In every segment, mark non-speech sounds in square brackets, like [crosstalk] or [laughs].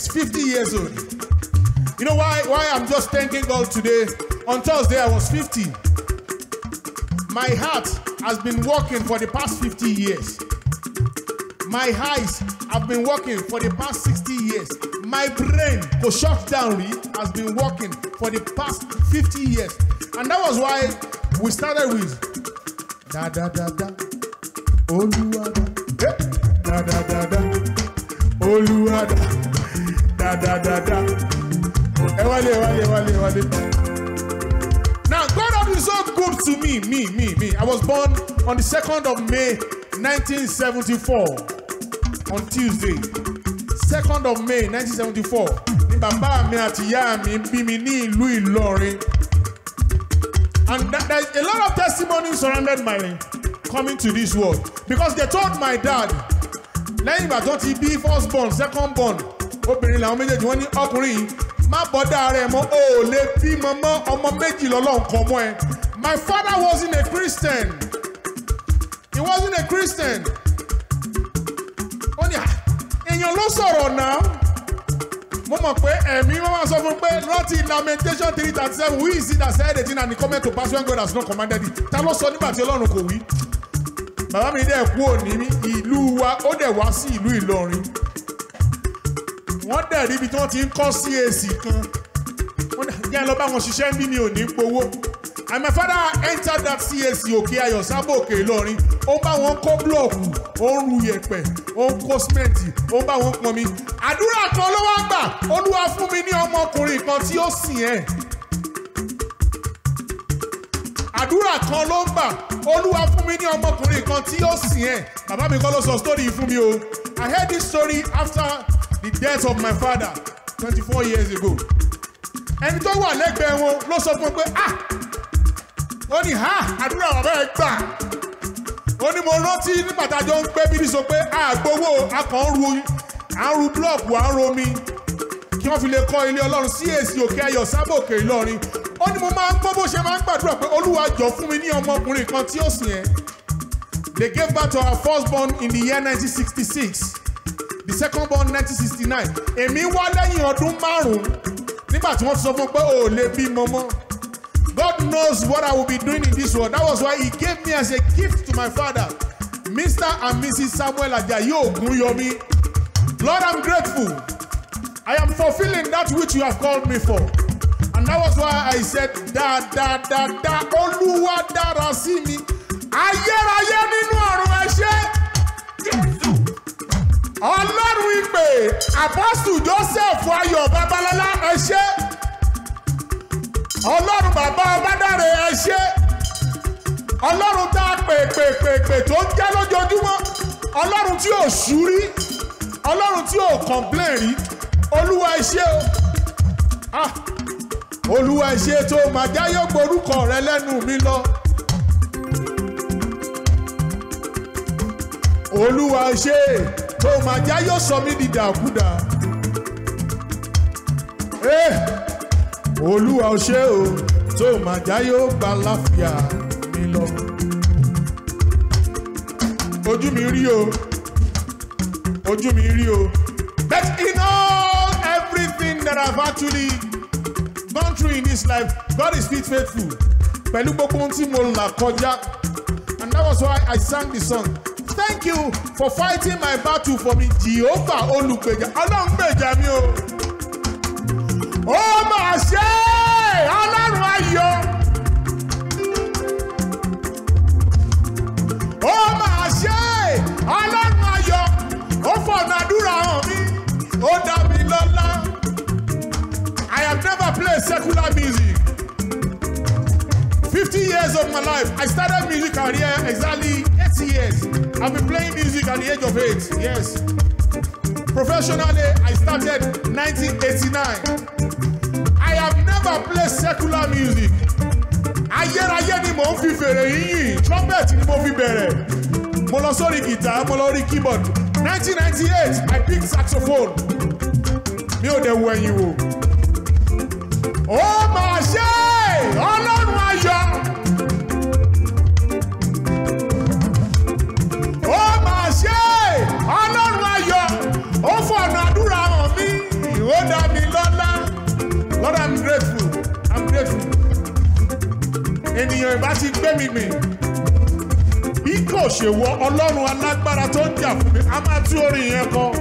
is 50 years old. You know why, why I'm just thanking God today? On Thursday, I was 50. My heart has been working for the past 50 years. My eyes have been working for the past 60 years. My brain, for shut down, has been working for the past 50 years. And that was why we started with da da da da, Oluwada. Hey. Da da da da, Oluwada dáadáa. Ẹ wálé wálé wálé wálé. Now God has been so good to me me me me. I was born on the second of May 1974 on Tuesday second of May 1974 ni bàbá mi àti ìyá mi bí mi ní ìlú Ìlọrin and that, there is a lot of testimony surrounded my coming to this world because they told my dad lẹ́yìn ìgbà tó ti bí first born second born obìnrin làwọn méjèèjì wọ́n ní ọkùnrin yìí má bọ́dá rẹ̀ mọ́ o ò lè bímọ mọ́ ọmọ méjì lọ́lọ́run kan mọ́ ẹ. My father wasn't a Christian. He wasn't a Christian. Ó ní ah, èèyàn ló sọ̀rọ̀ náà. Mo mọ̀ pé ẹ̀mí wọn sọ fún pé rántí lamentation three thirty seven who is that said the and the comment to pass when God has not commanded it. Ta ló sọ nígbà tí Ọlọ́run kò wí? Bàbá mi dẹ̀ kú òní ìlú wa ó dẹ̀ wá sí ìlú Ìlọrin wọ́n dẹ̀ ríbi tí wọ́n ti ń kọ́ CAC kan wọ́n jẹ́ lọ bá wọn ṣiṣẹ́ bí mi ò ní gbowó and my father entered that CAC òkè ayọ̀ sábò òkè ìlọrin ó bá wọn kó búlọ̀kù ó ń ru yẹ̀pẹ̀ ó ń kó símẹ́ǹtì ó ń bá wọn pọn mi àdúrà kan ló wá gbà olúwa fún mi ní ọmọkùnrin kan tí ó sìn ẹ́ àdúrà kan ló ń gbà olúwa fún mi ní ọmọkùnrin kan tí ó sìn ẹ́ bàbá mi kọ́ ló sọ sítórì fún mi o I heard this story after the death of my father twenty four years ago ẹni tó wà lẹ́gbẹ̀ẹ́ wọn ló sọ fún un pé ah ó ní ha àdúrà bàbá ẹ gbà ó ní mo rántí nígbà tá a jọ ń pẹ́ bí ní sọ pé àgbowó akọ̀ọ́rù àrùn búlọ̀kù àrùn omi kí wọ́n fi lè kọ́ ilé ọlọ́run sí èsì òkè ayọ̀ sábòkè ìlọrin ó ní mo máa ń gbọ́ bó ṣe máa ń gbàdúrà pé olúwa jọ fún mi ní ọmọkùnrin kan tí ó sìn ẹ́ they gave birth to our first born in the year nineteen sixty six the second born nineteen sixty nine èmi wá lẹ́yìn ọdún márùn-ún nígbà tí wọ́n sọ fún pé o ò lè bímọ mọ́ God knows what I will be doing in this world that was why he gave me as a gift to my father Mr. and Mrs. Samuel Ajayi Ogunyomi Lord I'm grateful I am fulfilling that which you have called me for and that was why I said da da da da Olúwa dára sí mi ayérayé nínú ọ̀run ẹ ṣé ọlọ́run ìpè apọ́sù joseph ayọ̀ babalọ́lá ẹ ṣé ọlọ́run bàbá ọbádàrẹ ẹ ṣé ọlọ́run tá a pè pè pè pè tó ń jẹ́ lójoojúmọ́ ọlọ́run tí ò sú rí ọlọ́run tí ò kọ̀ǹplẹ̀n rí olúwa ẹ ṣé o ah, olúwa ẹ ṣé tó màjáyọ̀ gborúkọ rẹ lẹ́nu mi lọ. olúwa ẹ ṣé tòmájà yóò sọ mí di dàkúdà. Eh! olúwa ò ṣe o tòmájà yóò gba láfíà mi lọ. ojú mi rí o ojú mi rí o. but in all everything that I've actually gone through in this life God is still faithful pẹ̀lú gbogbo ohun tí mo là kọjá and that was why I sang the song thank you for fighting my battle for me Jehovah olùgbèjà ọlọ́run gbèjà mi o. ó mà ṣe ọlọ́run ayọ̀. ó mà ṣe ọlọ́run ayọ̀ ó fọ̀nà àdúrà hàn mí ó dá mi lọ́lá. I have never played secular music. Fifty years of my life I started music career exactly eight years. I've been playing music at the age of eight. Yes. Professionally, I started 1989. I have never played secular music. ayer ni mò ń fi fèrè yíyìn, trumpet ni mo fi bẹ̀rẹ̀. Mo lọ sórí guitar, mo lọ rí keyboard. 1998, I picked saxophone. Mi ò dẹ̀ wẹ̀yìn Oh, Ó mà ṣe! Ọlọ́run! ènìyàn ìbá ti gbé mi mì bí kò ṣèwọ ọlọ́run alágbára tó ń jà fún mi a máa tú orin yẹn kan.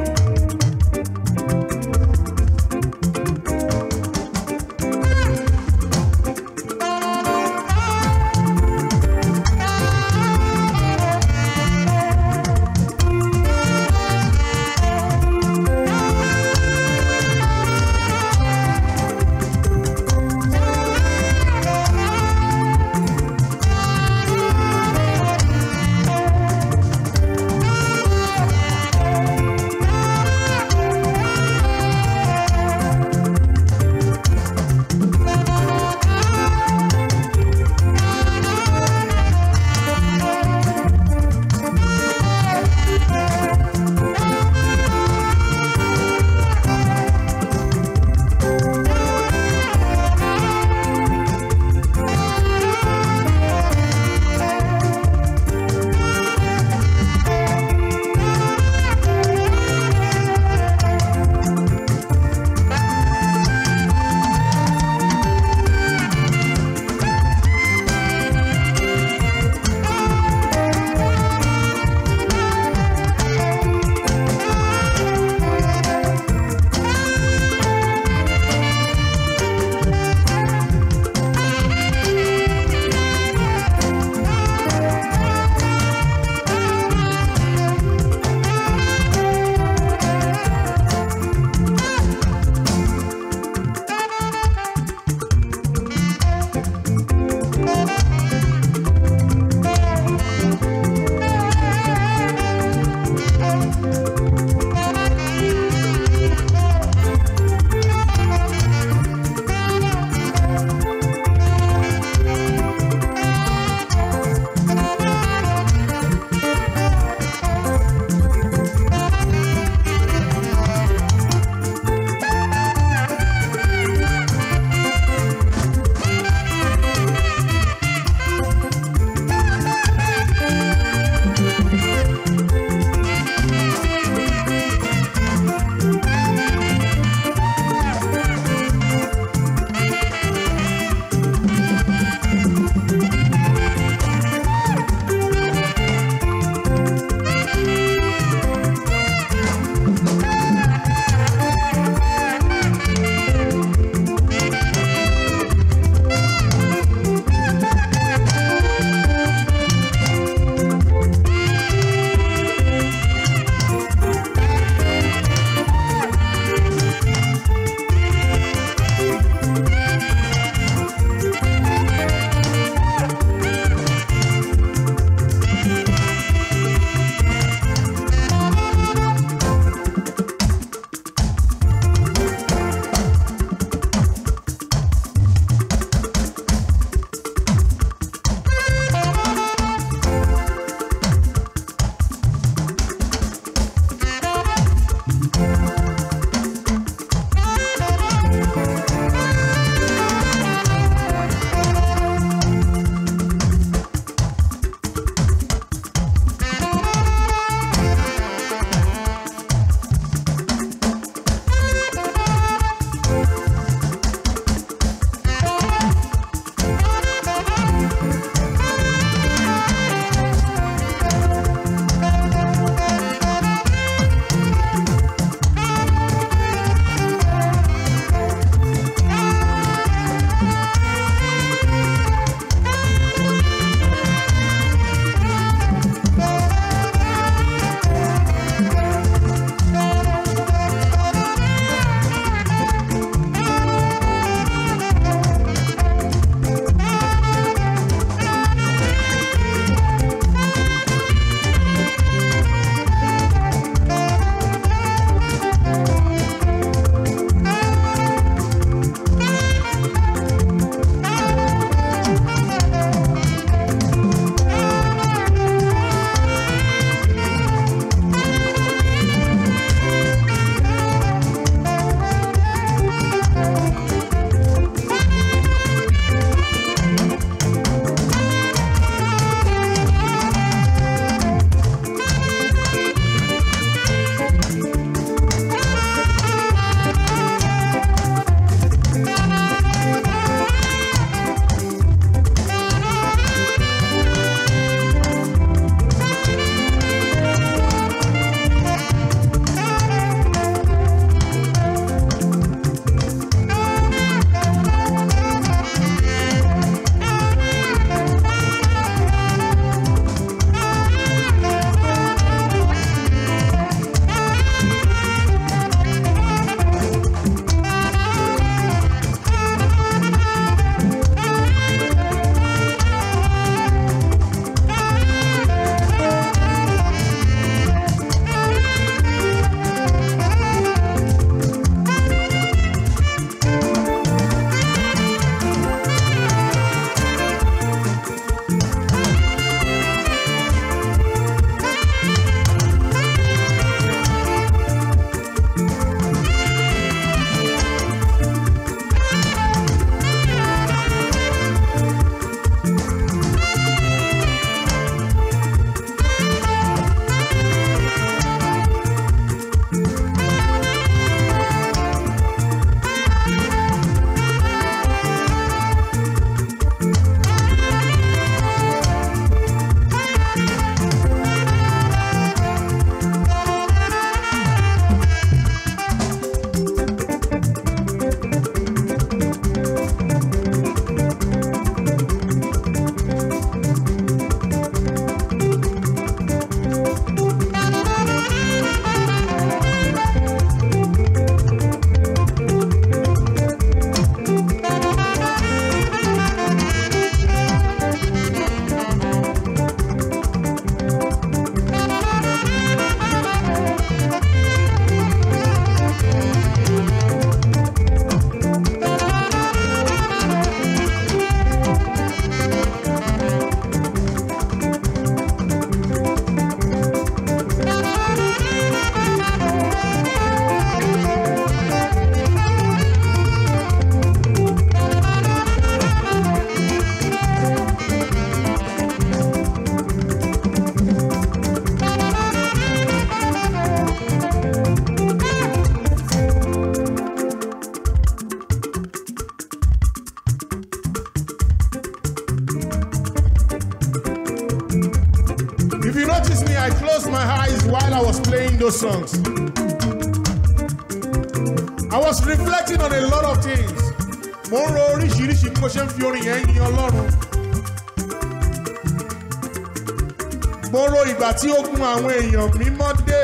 ìgbà tí ogun àwọn èèyàn mímọ́ dé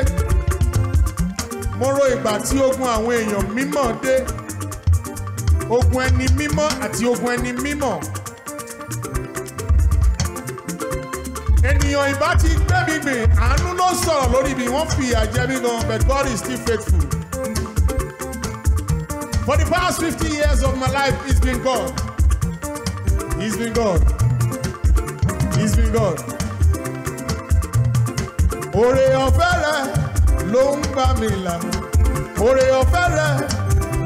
mo ro ìgbà tí ogun àwọn èèyàn mímọ́ dé ogun ẹni mímọ́ àti ogun ẹni mímọ́ ènìyàn ìbá ti gbé mi gbìn àánú ló sọ̀rọ̀ lórí mi wọ́n fi ìyà jẹ mí gan but God is still faithful for the past fifty years of my life it's been God it's been God it's been God. Ore ọ̀fẹ́ rẹ ló ń gbà mí lànà òrè ọ̀fẹ́ rẹ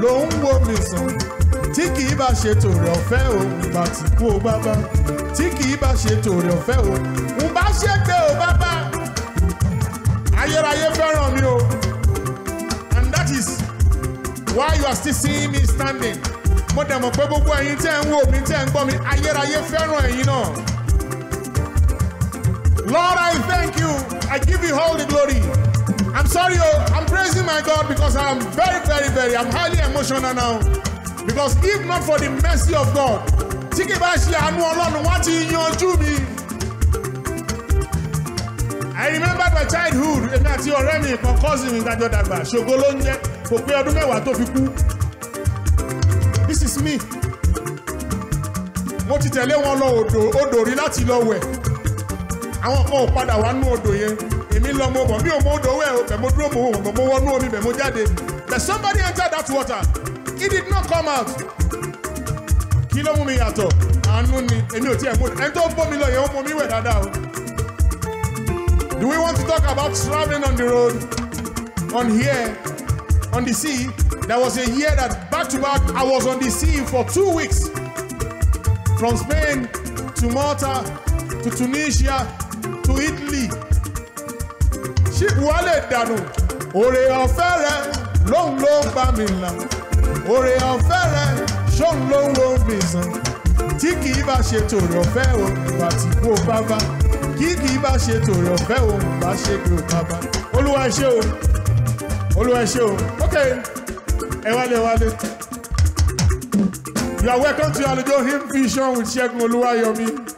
ló ń wo mi sàn tí kì í bá ṣe tòrè ọ̀fẹ́ o ìgbà tí kú o bàbá tí kì bá ṣe tòrè ọ̀fẹ́ o ń bá ṣe gbé o bàbá ayérayé fẹ́ràn mi o and that is why you are still seeing me standing mo dẹ̀ mọ̀ pé gbogbo ẹ̀yin tẹ́ ń wò mí tẹ́ ń gbọ́ mi ayérayé fẹ́ràn ẹ̀yin náà Lord I thank you. I give you all the glory. I'm sorry, oh, I'm praising my God because I'm very, very, very, I'm highly emotional now. Because if not for the mercy of God, tí kì bá ṣe àánú Ọlọ́run wọ́n ti yanjú mi. I remember my childhood, èmi àti ọ̀rẹ́ mi kan cousin mi dájọ́ dàgbà, ṣògo ló ń jẹ́, kò pé ọdún mẹ́wàá tó fi kú. This is me. Mo ti tẹ̀lé wọn lọ odò rí láti lọ wẹ̀ àwọn kan ò padà wá nú odò yẹn èmi lọ mo bọ̀ mi ò mọ odò wẹ̀ o bẹ̀ dúró mo wọ̀n mo wọnú omi bẹ̀ jáde but somebody entered that water he did not come out kí ló mú mi yàtọ̀ àánú ni èmi ò tiẹ̀ mú ẹni tó bọ́ mi lọ yẹn ó mọ mi wẹ̀ dáadáa o. Do we want to talk about traveling on the road on here on the sea? There was a year that back to back I was on the sea for two weeks from Spain to Malta to Tunisia to Italy ṣé wọ́n lè dànù òrè ọ̀fẹ́ rẹ lóun ló ń bá mi là òrè ọ̀fẹ́ rẹ sóun ló ń wo mi sàn tí kì í bá ṣe tòrè ọ̀fẹ́ òun ìwà tí kú ó bá kí kì bá ṣe tòrè ọ̀fẹ́ òun bá ṣe kí ó bá olúwa ẹ ṣé o olúwa ẹ ṣé o ok ẹ wálé ẹ wálé. You are welcome to Alujohim Vision with Segun Oluwayomi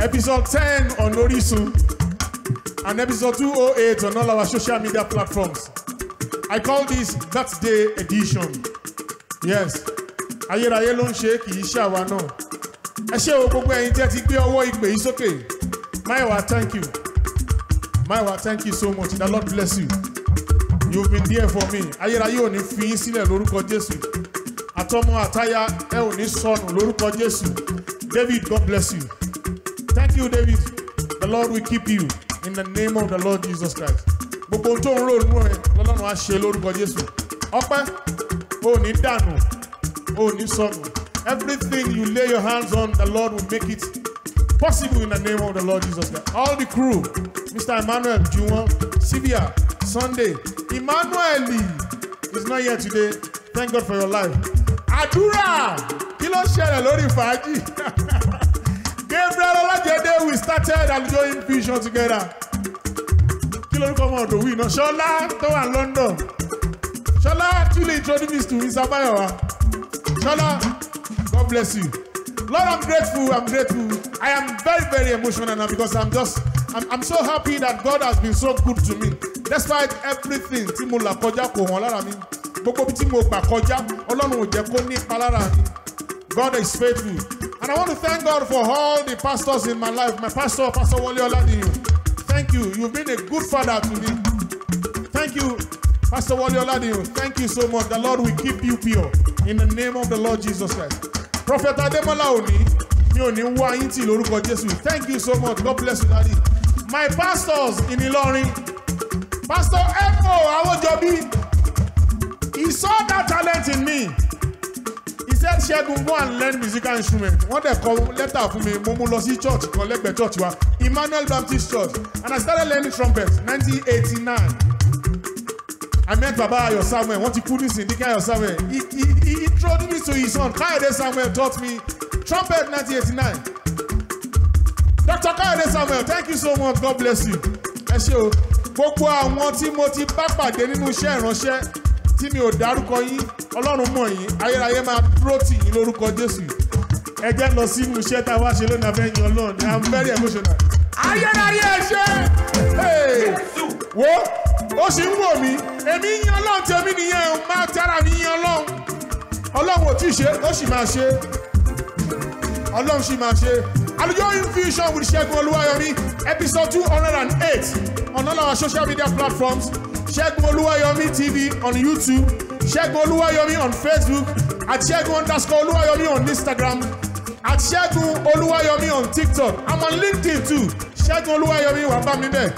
episode 10 on Orisun, and episode 208 on all our social media platforms. I call this That Day Edition. Yes, ayérayé ló ń ṣe kì í ṣe àwa náà. o gbogbo ẹ̀yin tí ẹ ti gbé ọwọ́ ìpè yìí sókè. thank you. My Maiwa, thank you so much. The Lord bless you. You've been there for me. Ayérayé ò ní fi yín sílẹ̀ lórúkọ Atomo ataya e ẹ ò ní sọnù lórúkọ David, God bless you. Thank you, David. The Lord will keep you in the name of the Lord Jesus Christ. Gbogbo ohun tó ń rò nínú ẹ lọ́lọ́run á ṣe lórúkọ Jésù. Ọpẹ́ ò ní dànù ò ní sọnù. Everything you lay your hands on, the Lord will make it possible in the name of the Lord Jesus Christ. All the crew, Mr. Emmanuel Juwon, Sibia, Sunday, Emmanuel is not here today. Thank God for your life. Àdúrà kí ló ṣẹlẹ̀ lórí fàájì? [laughs] Gabriel Olajede we started AlujoHymn vision together kí lórúkọ ọmọ ọ̀dọ̀ wí náà Ṣọlá tó London Ṣọlá actually introduced me to Mr. Bayowa Ṣọlá God bless you Lord I'm grateful I'm grateful I am very very emotional now because I'm just I'm, I'm so happy that God has been so good to me despite everything tí la là kọjá kò hàn lára mi gbogbo tí mo gbà kọjá God is faithful And I want to thank God for all the pastors in my life. My pastor, Pastor Wale Oladiyo. Thank you. You've been a good father to me. Thank you, Pastor Wale Oladiyo. Thank you so much. The Lord will keep you pure. In the name of the Lord Jesus Christ. Prophet Ademola Oni, mi ò ní wá yín tì lórúkọ Jésù. Thank you so much. God bless you, Daddy. My pastors in Ilorin, Pastor Efo Awojobi, he saw that talent in me he said ṣẹ́gun one and learn musical instrument wọ́n dẹ̀ kọ lẹ́tà fún mi mo mú lọ sí church kan lẹ́gbẹ̀ẹ́ church wa Emmanuel Baptist Church and I started learning trumpet 1989 I met Baba Ayo Samuel wọ́n ti kú ní sindika Ayo Samuel he he he introduced me to his son Kayode Samuel taught me trumpet 1989 Dr. Kayode Samuel thank you so much God bless you ẹ ṣé o gbogbo àwọn tí mo ti bá pàdé nínú iṣẹ́ ìránṣẹ́ tí mi ò dárúkọ yín ọlọ́run mọ̀ yín ayérayé máa dúró tì yín lórúkọ jésù ẹ lọ sínú iṣẹ́ tá a wá ṣe lónìí abẹ́ yín ọlọ́run i'm very emotional. ayérayé ṣe wo ó ṣì ń wò mí èmi yín ọlọ́run tèmi nìyẹn o máa tẹ́ra mi yín ọlọ́run ọlọ́run ò tí ì ṣe ó sì máa ṣe ọlọ́run sì máa ṣe AlujoHymn Fusion with Ṣẹ́gun Olúwayọ̀mí episode two hundred and eight on all our social media platforms Ṣẹ́gun Olúwayọ̀mí TV on YouTube, Ṣẹ́gun Olúwayọ̀mí on Facebook, at Ṣẹ́gun underscore Olúwayọ̀mí on Instagram, at Ṣẹ́gun Olúwayọ̀mí on TikTok. I'm on LinkedIn too. Ṣẹ́gun Olúwayọ̀mí wà bá mi bẹ́ẹ̀.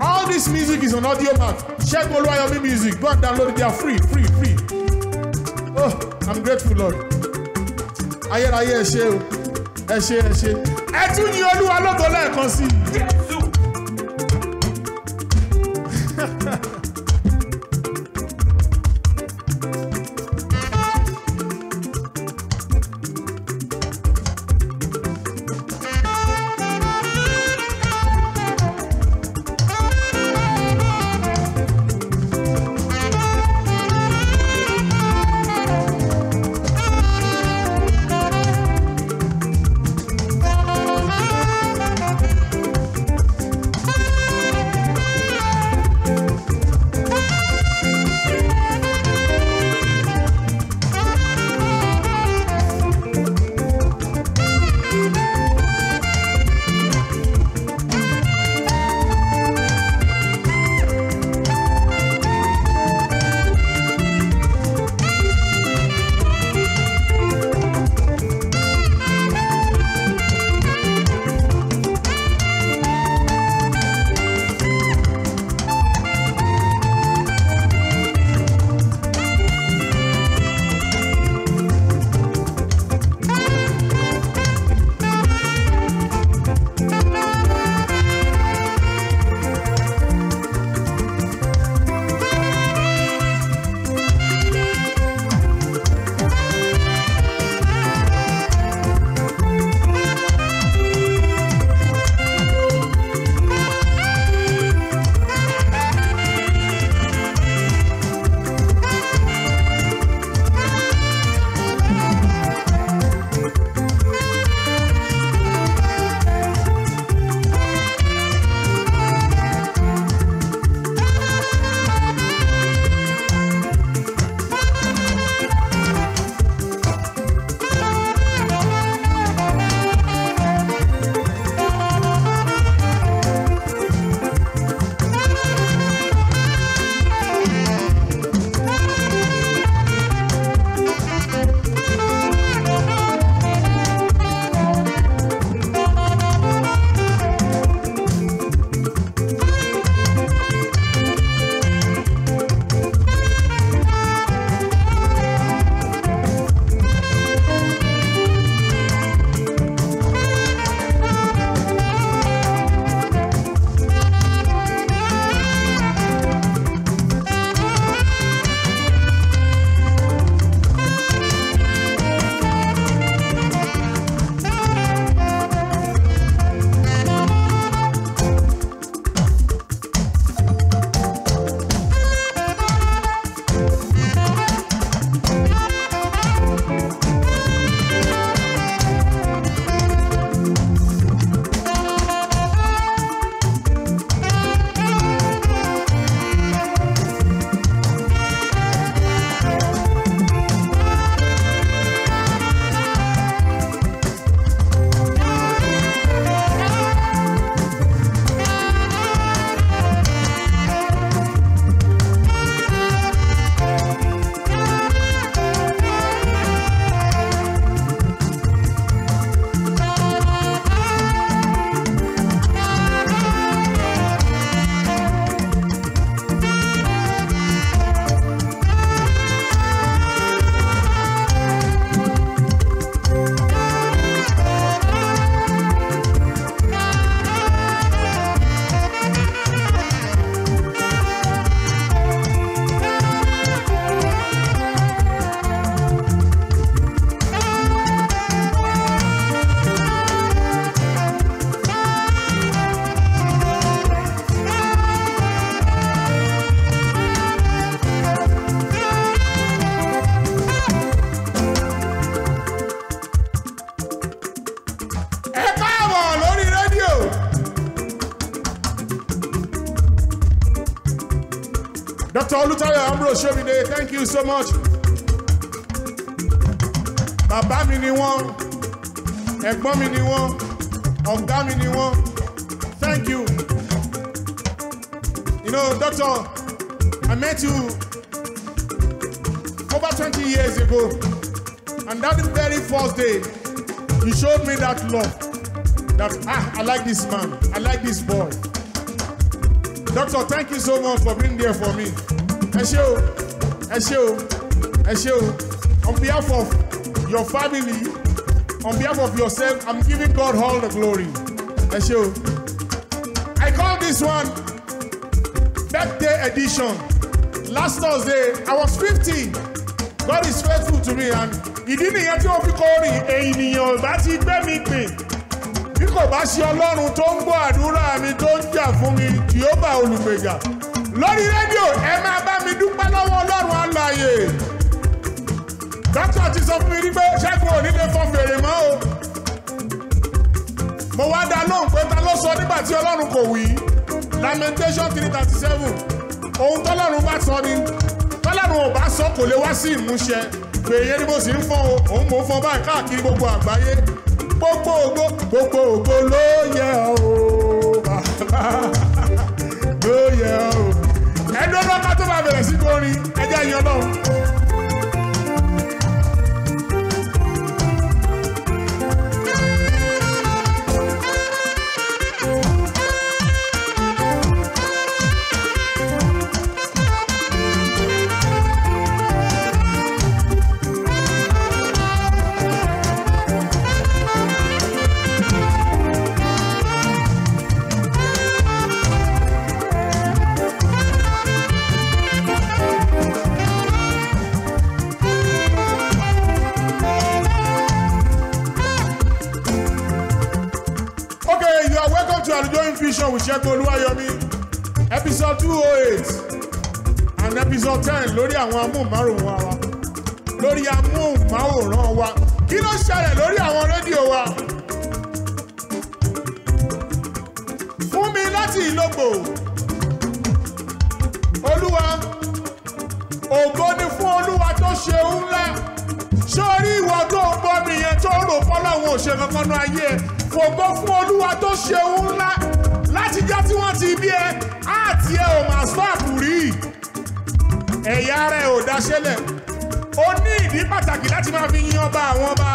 All this music is on audio AudioMack. Ṣẹ́gun Olúwayọ̀mí music. Go and download it. They are free, free, free. Oh, I'm grateful, Lord. Ayérayé ẹ ṣé o, ẹ ṣé ẹ ṣé. Ẹ tún yin Olúwa lógo lẹ́ẹ̀kan sí i. Jésù. so much. Bàbá mi ni wọ́n, ẹ̀gbọ́n mi ni wọ́n, ọ̀gá mi ni wọ́n. Thank you. You know, doctor, I met you over 20 years ago. And that very first day, you showed me that love. That, ah, I like this man. I like this boy. Doctor, thank you so much for being there for me. Ẹ ṣé o ẹ ṣé o ẹ o on behalf of your family on behalf of yourself i'm giving God all the glory ẹ ṣé o i call this one birthday edition last Thursday i was fifty God is faithful to me and ìdí nìyẹn tí mo fi kọ́ rìn ènìyàn bá ti gbé mi pè bí kò bá ṣe ọlọ́run tó ń gbọ́ àdúrà mi tó ń jà fún mi Jèhófà olùgbèjà lórí rédíò ẹ máa bá mi dúpẹ́ lọ́wọ́ ọlọ́run alààyè dókítà ti sọ fún mi wípé ṣẹ́gun ò ní lè fọn fèrè mọ́ o mo wá dá lóhùn pé ta ló sọ nígbà tí ọlọ́run kò wí lamentation three thirty seven ohun tọ́lọ́run bá sọ ni tọ́lọ́run ò bá sọ kò lè wá sí ìmúṣẹ pèyẹ ni mo sì ń fọn o òun ń fọn báyìí káàkiri gbogbo àgbáyé gbogbo ògo gbogbo ògo ló yẹ o ló yẹ o ẹ dọ́dọ́ ká tó bá bẹ̀rẹ̀ sí kórin ẹ jẹ́ ìyọ́lọ́run. to AlujoHymn Fusion with Ṣẹ́gun Olúwayọ̀mí episode two oh eight and episode ten lórí àwọn amóhùnmáwòrán wa lórí amóhùnmáwòrán wa kí ló ṣẹlẹ̀ lórí àwọn rédíò wa. fún mi láti ìlógbò olúwa ògo ni fún olúwa tó ṣe ńlá sórí ìwọ tó ń bọ́ mi yẹn tó rò fọ́lọ́hún òṣèlú kankan náà ayé ẹ̀ fògo fún olúwa tó ṣe ohun ńlá láti jọ́ tí wọ́n ti bí ẹ àti ẹ ò máa sọ́ọ̀bù rí ẹ̀yà ara ẹ̀ ò dáṣẹ́lẹ̀ ó ní ìdí pàtàkì láti máa fi yin ọba àwọn ọba.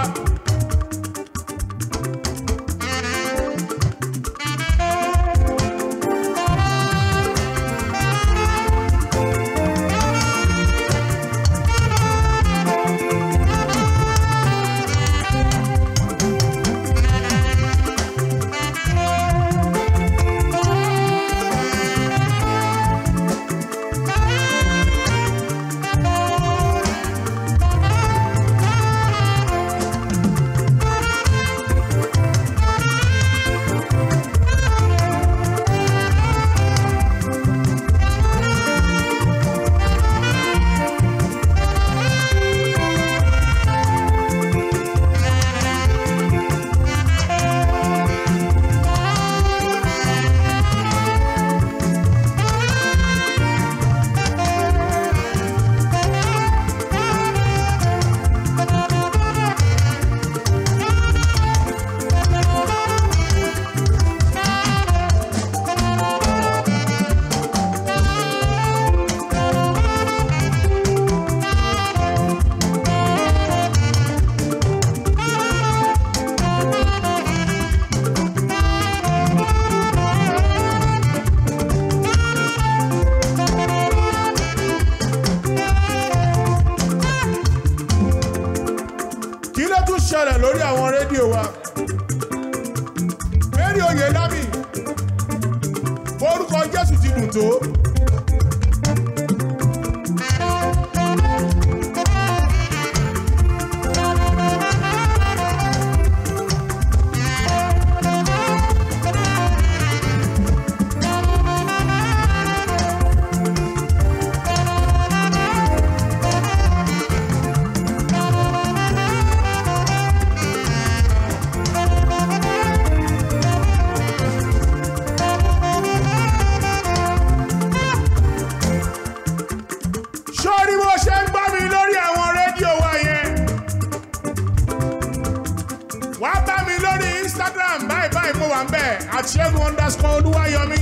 ṣẹ́gun underscore olúwayọ̀mí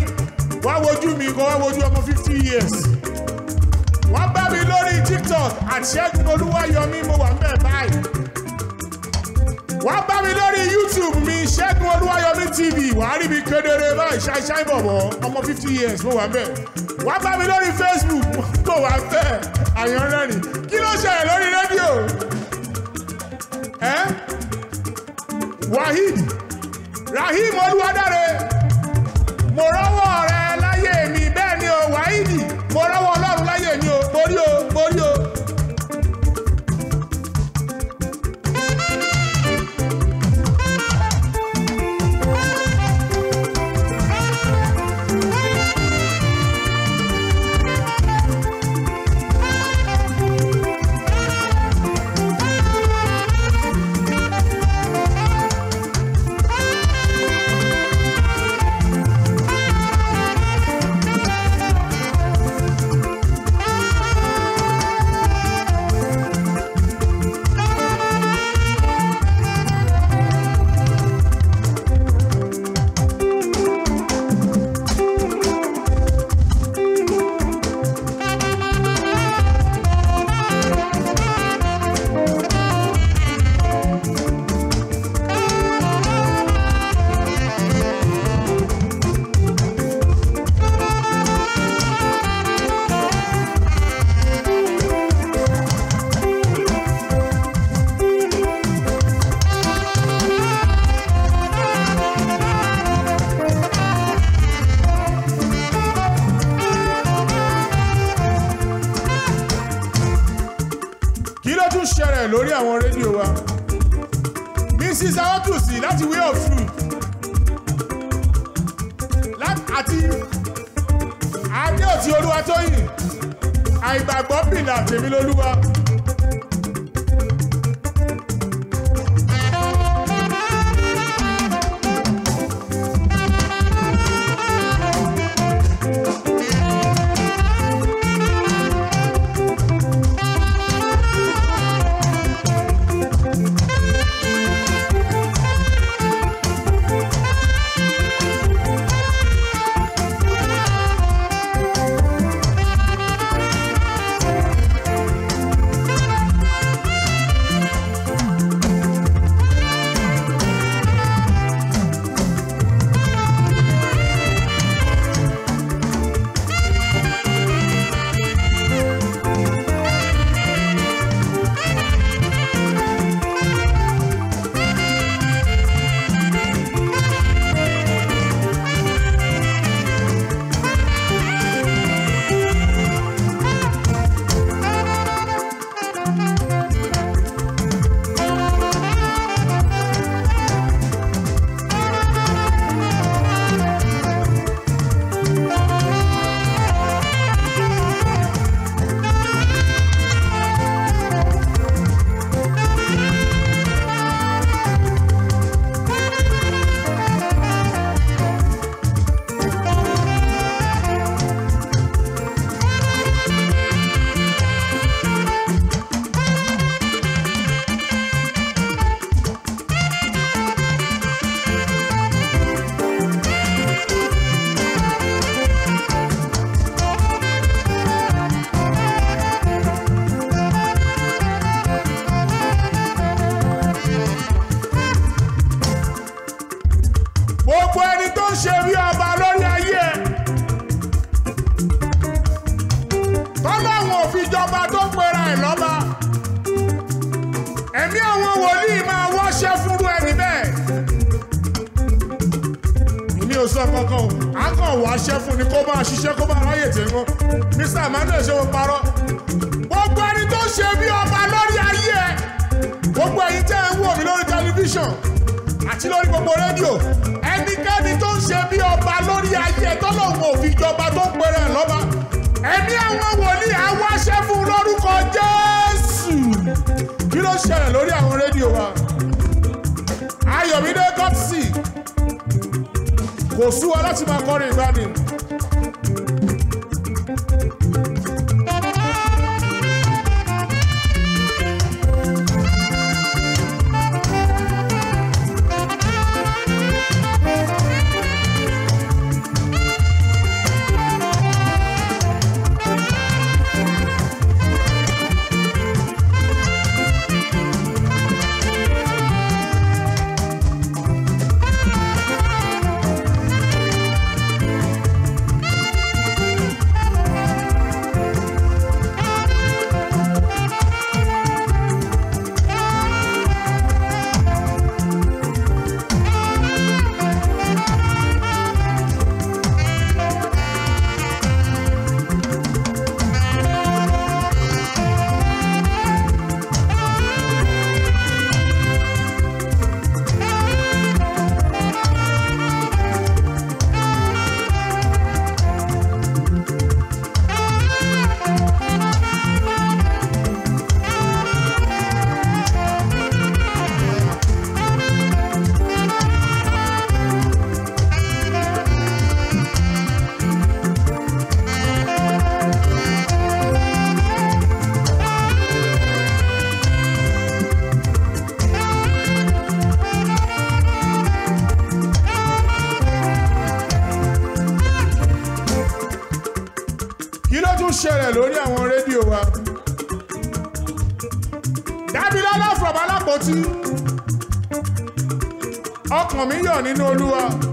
wá wojú mi kó wá wojú ọmọ fifty years wọ́n bá mi lórí tiktok àti ṣẹ́gun olúwayọ̀mí mo wà ń báyìí wọ́n bá mi lórí youtube mi ṣẹ́gun olúwayọ̀mí tv wàá rí mi kedere báyìí ṣáìṣáì bọ̀bọ̀ ọmọ fifty years mo wà ń bẹ̀ bá mi lórí facebook kó wá fẹ́ àyànrán kí ló ṣẹlẹ̀ lórí rédíò ẹ́ wahid Rahim Olúwadáre mo rẹ. àwọn wòlíì awáṣẹ́ fún lórúkọ Jésù kí ló ṣẹlẹ̀ lórí àwọn rédíò wa Ayọ̀mídé Godson kò sú wa láti máa kọrin ìgbàanì. nínú olúwa.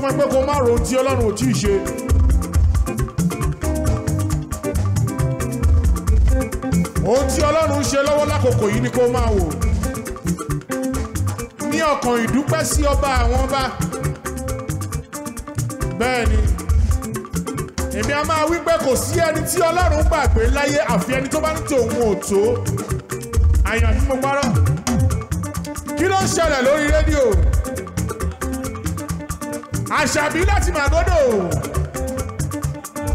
fún ẹ kó má ro tí Ọlọ́run ò tí ì ṣe. ohun tí Ọlọ́run ń ṣe lọ́wọ́ lákòókò yìí ni kó máa wò ní ọkàn ìdúpẹ́ sí ọba àwọn ọba bẹ́ẹ̀ ni èmi a máa wí pé kò sí ẹni tí Ọlọ́run gbàgbé láyé àfi ẹni tó bá ní tòun ò tó àyàn tí mo parọ́ kí ló ń ṣẹlẹ̀ lórí rédíò àṣàbí láti màgódò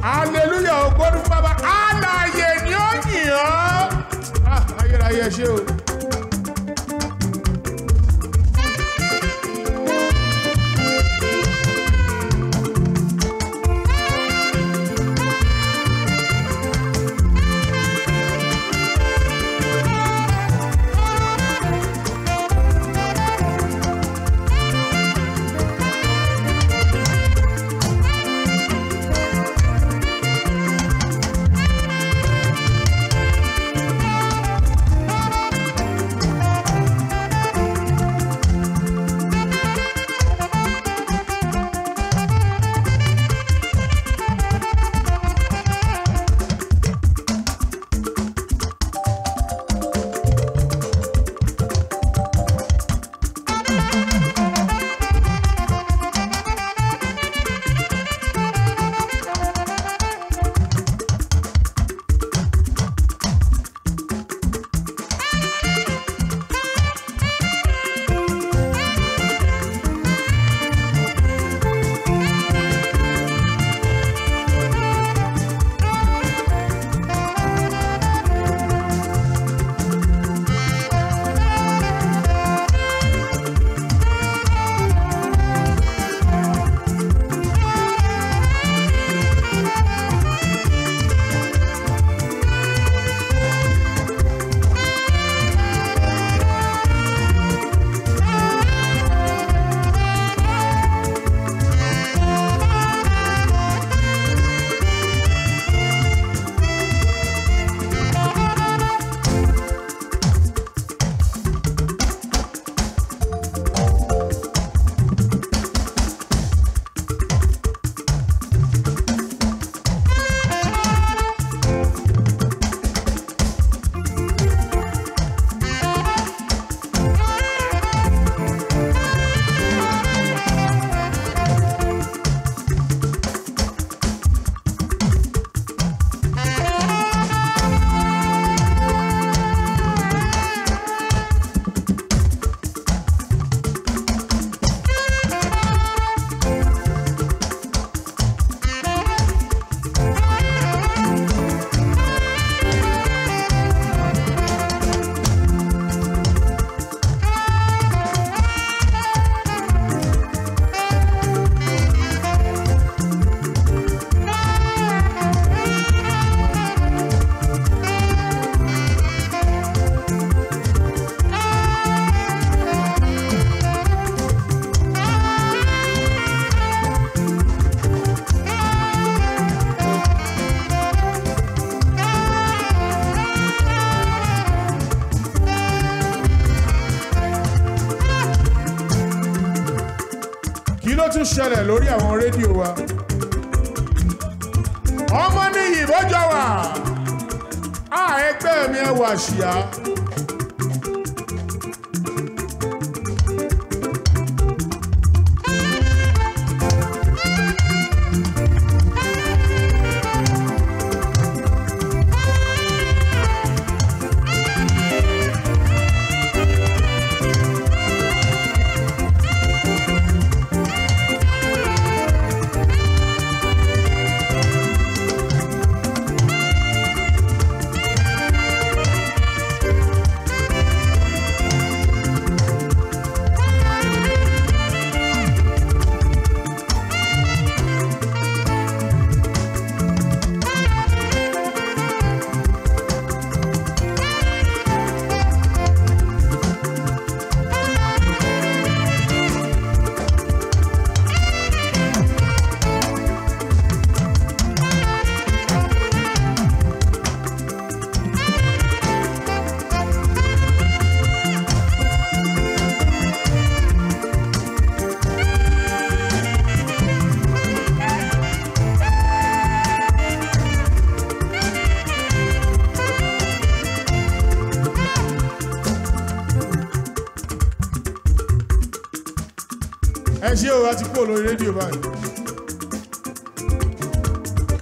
hallelujah ògbóni fún bàbá alààyè ni ó yìn ọ́ ah, ayérayé ṣe o. rédíò wa ọmọ nìyí bọ́jọ́ wà á ẹgbẹ́ mi ẹ wà ṣìyà.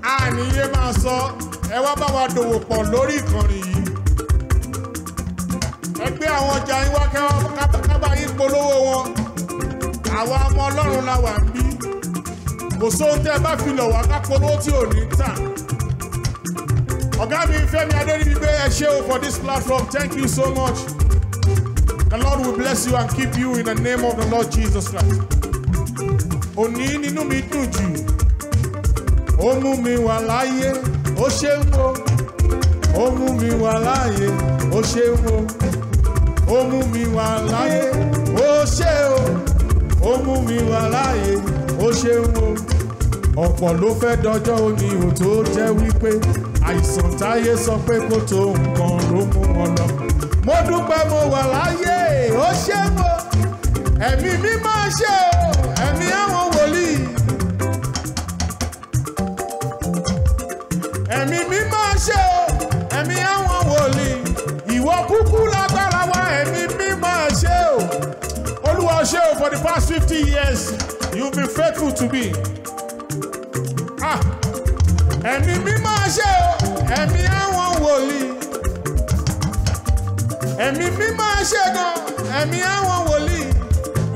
àníyé máa sọ ẹ wá bá wa dòwò pọ̀ lórí ìkànnì yìí. ẹ àwọn ọjà yín wá kábà yín polówó wọn. àwa ọmọ ọlọ́run la wà ń bí. kò sóhun tẹ́ ẹ bá fi lọ̀ wá ká polówó tí ò ní tà. ọ̀gá mi Fẹ́mi Adédìgbé ẹ ṣé o for this platform thank you so much. The Lord will bless you and keep you in the name of the Lord Jesus Christ òní nínú mi dùn jù ó mú mi wà láyé ó ṣe ń wo ó mú mi wà láyé ó ṣe ń wo ó mú mi wà láyé ó ṣe o ó mú mi wà láyé ó ṣe ń wo ọ̀pọ̀ ló fẹ́ dọjọ́ òní ò tó jẹ́ wípé àìsàn táyé sọ pé kó tó nǹkan ló mú wọn lọ. mo dúpẹ́ mo wà láyé ó ṣe mo ẹ̀mí mi máa ṣe 50 years you've been faithful to me. Ah, ẹ̀mí mímọ́ ṣe o, ẹ̀mí àwọn wòlíì. Ẹ̀mí mímọ́ ṣe gan, ẹ̀mí àwọn wòlíì.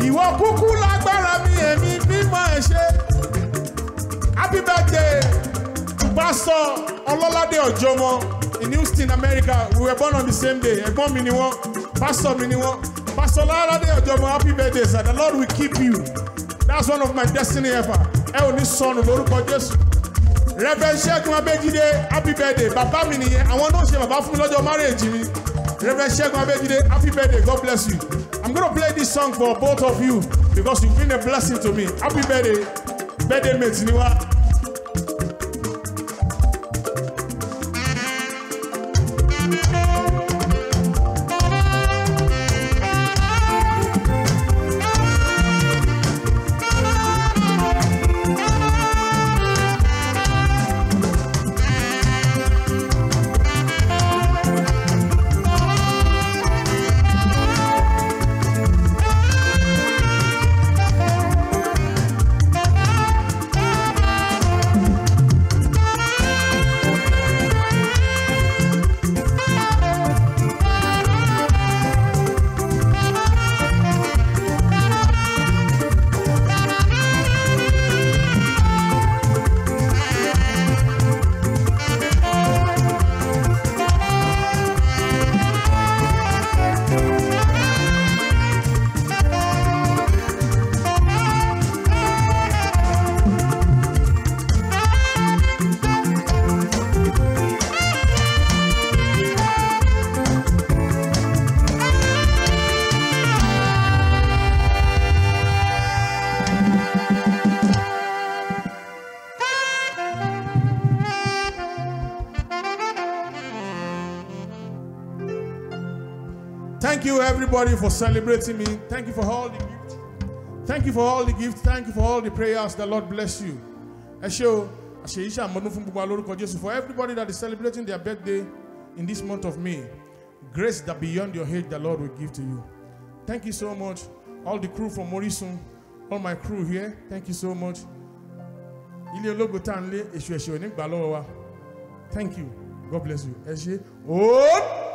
Ìwọ kúkú lágbára mi, ẹ̀mí mímọ́ ṣe. Happy birthday to Pastor Ọlọ́ládé Ọ̀jọ́mọ in Houston, America. We were born on the same day. Ẹ̀gbọ́n mi ni wọ́n, pastor mi ni wọ́n. Pastor Lara happy birthday, sir. The Lord will keep you. That's one of my destiny ever. helper. Ẹ ò ní Lord God Jésù. Reverend Ṣẹ́gun Abẹ́jídé, happy birthday. Bàbá mi nìyẹn, àwọn náà ṣe bàbá fún mi lọ́jọ́ márèèjì mi. Reverend Ṣẹ́gun Abẹ́jídé, happy birthday, God bless you. I'm gonna play this song for both of you because you've been a blessing to me. Happy birthday, birthday mate everybody for celebrating me. Thank you for all the gifts. Thank you for all the gifts. Thank you for all the prayers. The Lord bless you. Ẹ ṣé o, àṣeyí ṣàmọ́nú fún for everybody that is celebrating their birthday in this month of May. Grace that beyond your age the Lord will give to you. Thank you so much. All the crew from Morrison, all my crew here, thank you so much. Ilé ológo tá à ń Thank you. God bless you. Ẹ ṣé.